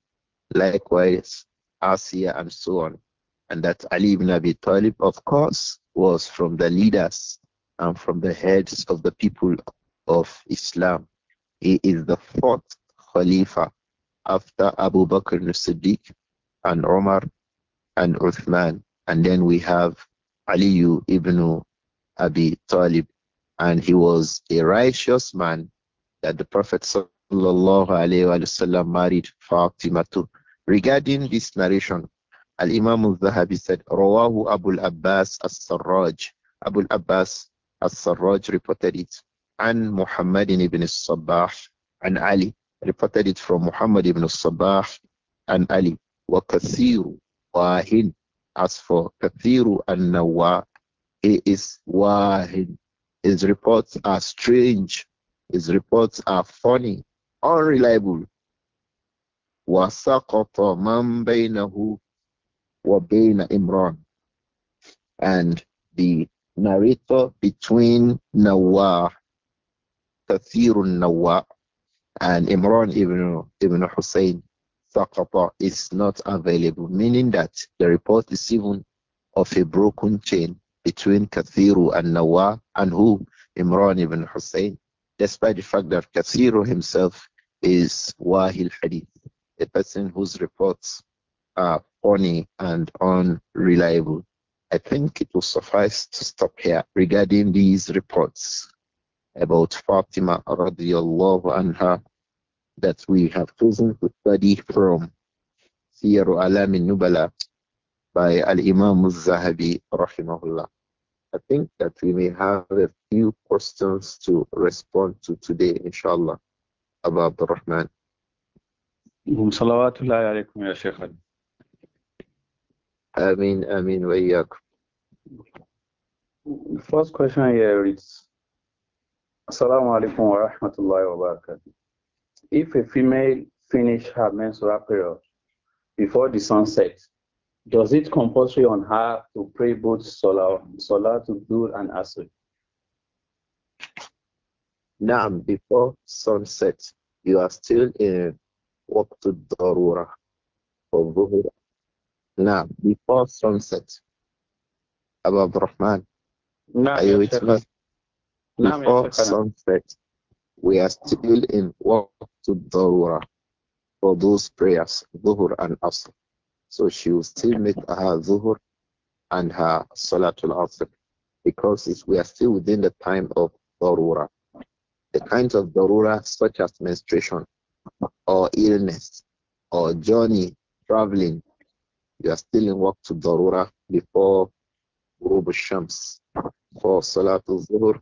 likewise, Asiya and so on. And that Ali ibn Abi Talib, of course, was from the leaders and from the heads of the people of Islam. He is the fourth Khalifa after Abu Bakr as-Siddiq and Umar and Uthman. And then we have Ali ibn Abi Talib. And he was a righteous man that the Prophet wasallam married Fatima to. Regarding this narration, Al Imam al Zahabi said, Rawahu Abu Abbas as Sarraj. Abu Abbas as Sarraj reported it. And Muhammad ibn Sabah and Ali reported it from Muhammad ibn Sabah and Ali. وَكَثِيرُ wahin. As for kathiru and he is wahin. His reports are strange. His reports are funny, unreliable. وَسَقَطَ مَنْ بَيْنَهُ Bayna Imran? And the narrator between Nawa, Kathir Nawa, and Imran ibn, ibn Hussein saqata is not available, meaning that the report is even of a broken chain between Kathiru and Nawa and who? Imran ibn Hussein, despite the fact that Kathiru himself is Wahil Hadith, a person whose reports are funny and unreliable. I think it will suffice to stop here regarding these reports about Fatima radiallahu anha that we have chosen to study from Siyar Alam Nubala by Al Imam Zahabi Rahimahullah. I think that we may have a few questions to respond to today, inshallah, about the Rahman. صلوات alaykum, ya Shaykh. شيخنا آمين wa وإياكم First question here is: Assalamu alaikum wa rahmatullahi wa barakatuh if a female finish her menstrual period before the sunset, does it compulsory on her to pray both Salah, Salah to and Asr? Now, before sunset, you are still in to الضرورة or Dhuhr. Now, before sunset, Abu Rahman, are you with me? Before sunset, we are still in work to Dawra for those prayers, Dhuhr and Asr. So she will still make her Dhuhr and her Salatul Asr because we are still within the time of Dawra. The kinds of Dawra such as menstruation or illness or journey, traveling, you are still in work to Dawra before Rub Shams for Salatul Dhuhr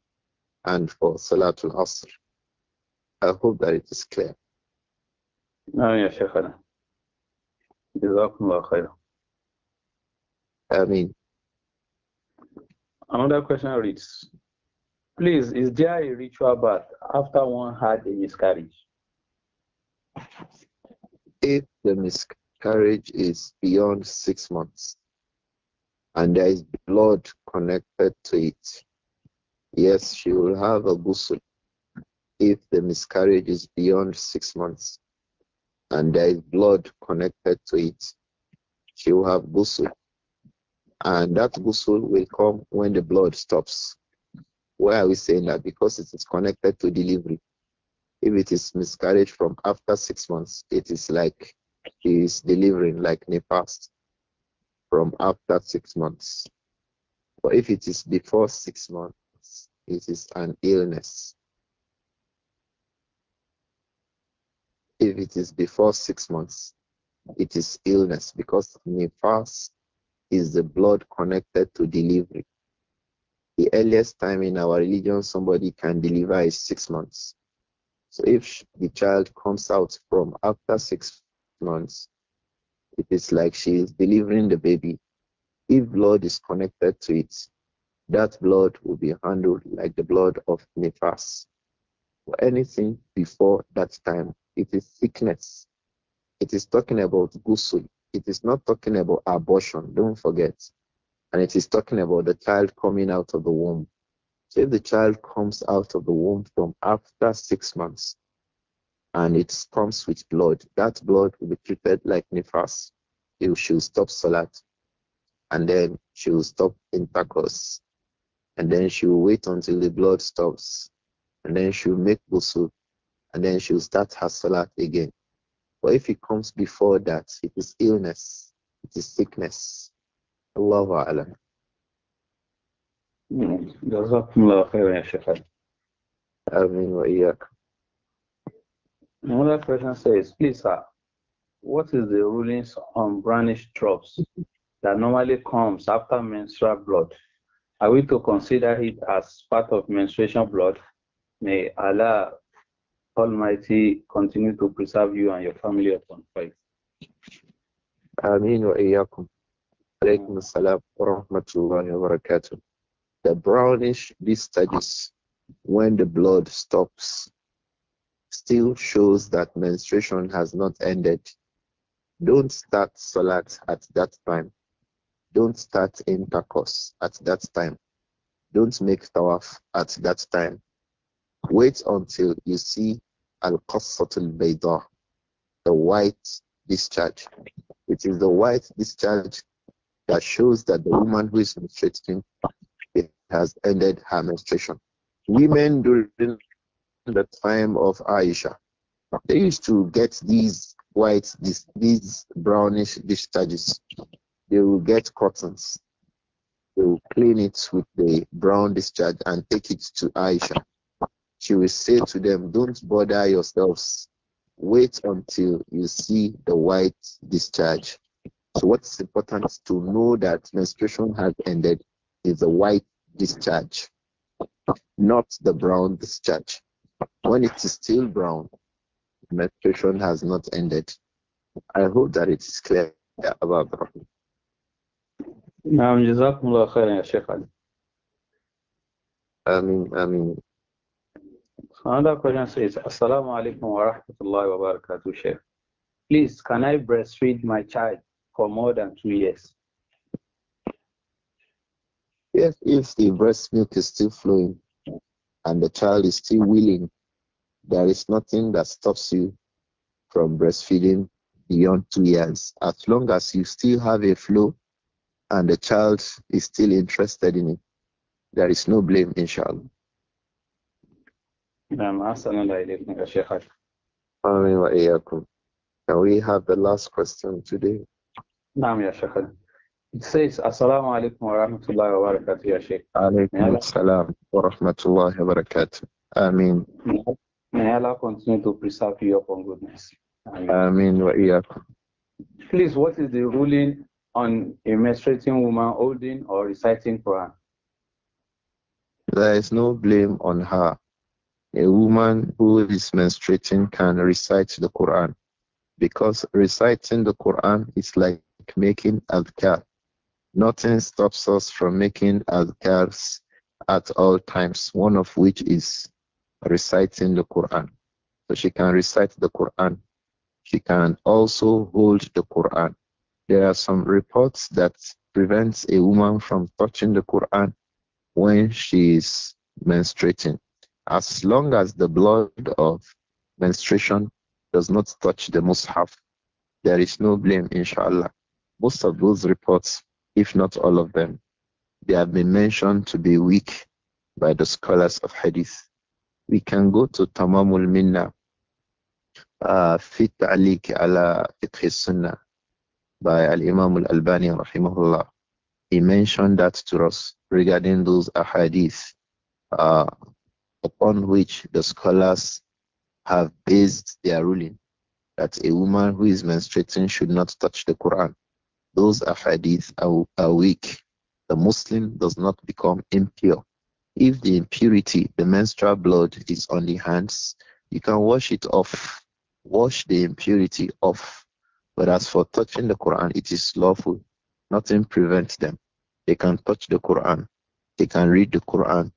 and for Salatul Asr. I hope that it is clear. I mean, Another question reads, please, is there a ritual bath after one had a miscarriage? If the miscarriage is beyond six months and there is blood connected to it, yes, she will have a ghusl if the miscarriage is beyond six months and there is blood connected to it, she will have ghusl. And that ghusl will come when the blood stops. Why are we saying that? Because it is connected to delivery. If it is miscarriage from after six months, it is like she is delivering like past from after six months. But if it is before six months, it is an illness. If it is before six months, it is illness because nifas is the blood connected to delivery. The earliest time in our religion somebody can deliver is six months. So if the child comes out from after six months, it is like she is delivering the baby. If blood is connected to it, that blood will be handled like the blood of nifas. For anything before that time it is sickness. It is talking about gusul. It is not talking about abortion. Don't forget. And it is talking about the child coming out of the womb. So if the child comes out of the womb from after six months and it comes with blood, that blood will be treated like nifas. She will stop salat. And then she will stop intercourse. And then she will wait until the blood stops. And then she will make ghusl and then she'll start her salat again. But if it comes before that, it is illness, it is sickness. Allahu Alam. جزاكم الله خيرا يا شيخ آمين وإياك Another question says, please sir, what is the rulings on brownish drops that normally comes after menstrual blood? Are we to consider it as part of menstruation blood? May Allah Almighty continue to preserve you and your family upon faith. Ameen wa iyyakum. Alaykum assalam wa rahmatullahi wa barakatuh. The brownish discharges when the blood stops still shows that menstruation has not ended. Don't start salat at that time. Don't start intercourse at that time. Don't make tawaf at that time. Wait until you see al al bayda, the white discharge. which is the white discharge that shows that the woman who is menstruating has ended her menstruation. Women during the time of Aisha, they used to get these white, these, these brownish discharges. They will get cottons. They will clean it with the brown discharge and take it to Aisha. She will say to them, Don't bother yourselves. Wait until you see the white discharge. So, what's important to know that menstruation has ended is the white discharge, not the brown discharge. When it is still brown, menstruation has not ended. I hope that it is clear about that. نعم جزاكم Another question says, Assalamu alaikum wa rahmatullahi wa barakatuh, Please, can I breastfeed my child for more than two years? Yes, if the breast milk is still flowing and the child is still willing, there is nothing that stops you from breastfeeding beyond two years. As long as you still have a flow and the child is still interested in it, there is no blame, inshallah. نعم أحسن الله إليك يا شيخ Can we have the last question today? نعم يا شيخ It says السلام عليكم wa الله وبركاته يا شيخ عليكم wa rahmatullahi wa barakatuh. آمين May Allah continue to preserve you upon goodness. Ameen wa iyakum. Please, what is the ruling on a menstruating woman holding or reciting Quran? There is no blame on her a woman who is menstruating can recite the Quran because reciting the Quran is like making adhkar. Nothing stops us from making adhkars at all times, one of which is reciting the Quran. So she can recite the Quran. She can also hold the Quran. There are some reports that prevents a woman from touching the Quran when she is menstruating as long as the blood of menstruation does not touch the mushaf, there is no blame, inshallah. Most of those reports, if not all of them, they have been mentioned to be weak by the scholars of hadith. We can go to Tamamul Minna, uh, Fit Alik ala Fiqh Sunnah by Al Imam Al Albani, rahimahullah. He mentioned that to us regarding those ahadith. Uh, upon which the scholars have based their ruling that a woman who is menstruating should not touch the Quran. Those are are, are weak. The Muslim does not become impure. If the impurity, the menstrual blood, is on the hands, you can wash it off, wash the impurity off. But as for touching the Quran, it is lawful. Nothing prevents them. They can touch the Quran, they can read the Quran,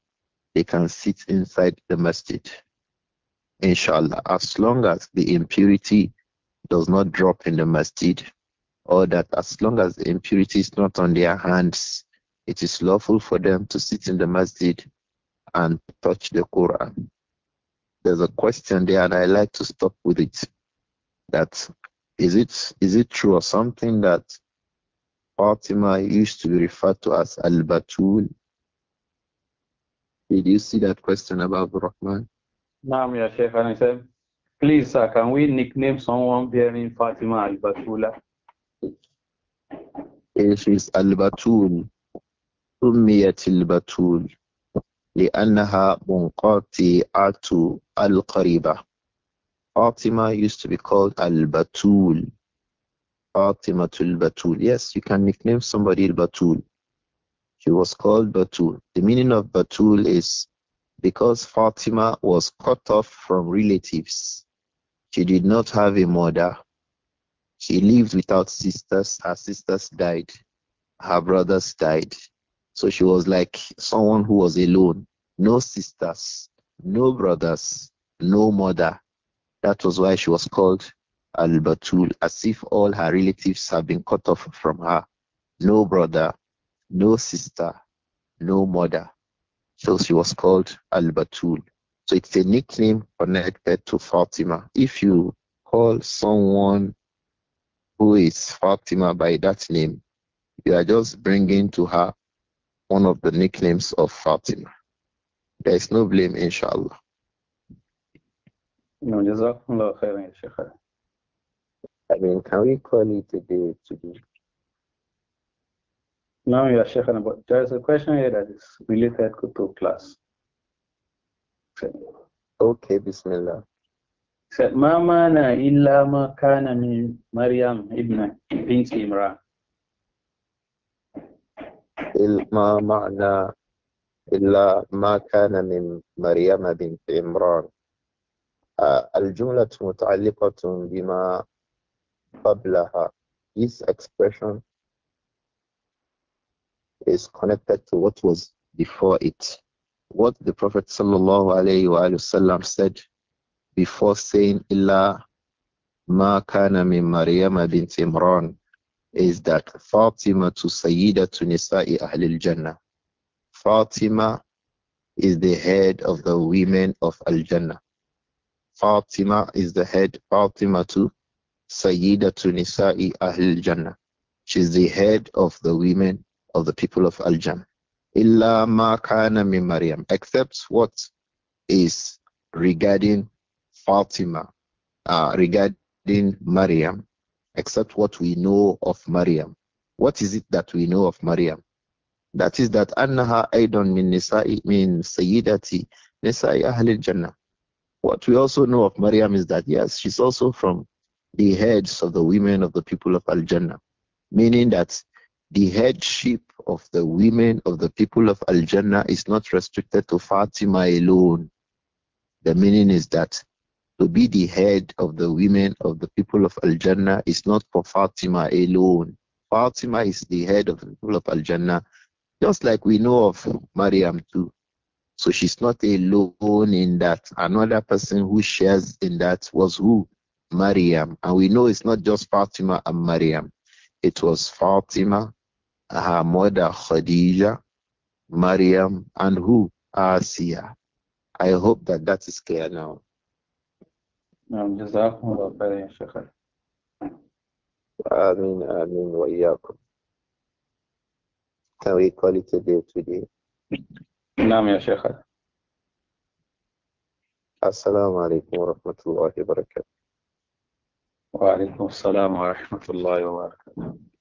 they can sit inside the masjid. Inshallah, as long as the impurity does not drop in the masjid, or that as long as the impurity is not on their hands, it is lawful for them to sit in the masjid and touch the Quran. There's a question there, and I like to stop with it. That is it is it true or something that Fatima used to be referred to as Al Batul did you see that question about Rahman? Naam, Ya Sheikh, and I said, please, sir, can we nickname someone bearing Fatima al-Batula? If it's al-Batul, سميت البتول لأنها منقطعة القريبة Fatima used to be called Al-Batul. Fatima Al-Batul. Yes, you can nickname somebody Al-Batul. She was called Batul. The meaning of Batul is because Fatima was cut off from relatives. She did not have a mother. She lived without sisters. Her sisters died. Her brothers died. So she was like someone who was alone. No sisters, no brothers, no mother. That was why she was called Al Batul, as if all her relatives had been cut off from her. No brother, no sister, no mother. So she was called Al Batul. So it's a nickname connected to Fatima. If you call someone who is Fatima by that name, you are just bringing to her one of the nicknames of Fatima. There is no blame, inshallah. No, I mean, can we call it a day today? Now, are checking about there's a question here that is related to class. Okay, Bismillah. So, ما معنى إلا ما كان من مريم ابن بنت إمران ma معنى إلا ما كان من مريم بنت عمران الجملة متعلقة بما قبلها This expression is connected to what was before it. What the Prophet وسلم, said before saying Illa Ma Kana min Maryama bint Imran is that Fatima to Sayyida to Nisa'i Ahlil Jannah. Fatima is the head of the women of Al Jannah. Fatima is the head, Fatima to Sayyida to Nisa'i Ahlil Jannah. She's the head of the women of the people of Al-Jam. Illa ma kana min Maryam, except what is regarding Fatima, uh, regarding Maryam, except what we know of Maryam. What is it that we know of Maryam? That is that annaha aidan min nisa'i min sayyidati nisa'i ahli jannah. What we also know of Maryam is that yes, she's also from the heads of the women of the people of Al Jannah, meaning that the headship of the women of the people of Al Jannah is not restricted to Fatima alone. The meaning is that to be the head of the women of the people of Al Jannah is not for Fatima alone. Fatima is the head of the people of Al Jannah, just like we know of Mariam too. So she's not alone in that. Another person who shares in that was who? Mariam, And we know it's not just Fatima and Mariam; It was Fatima, her mother Khadija, Mariam, and who? here? I hope that that is clear now. Amen, Amen, Wayakum. Can we call it a day today? Nam, Ya Sheikh. Assalamu alaikum wa rahmatullahi wa barakatuh. alaikum assalam wa rahmatullahi wa barakatuh.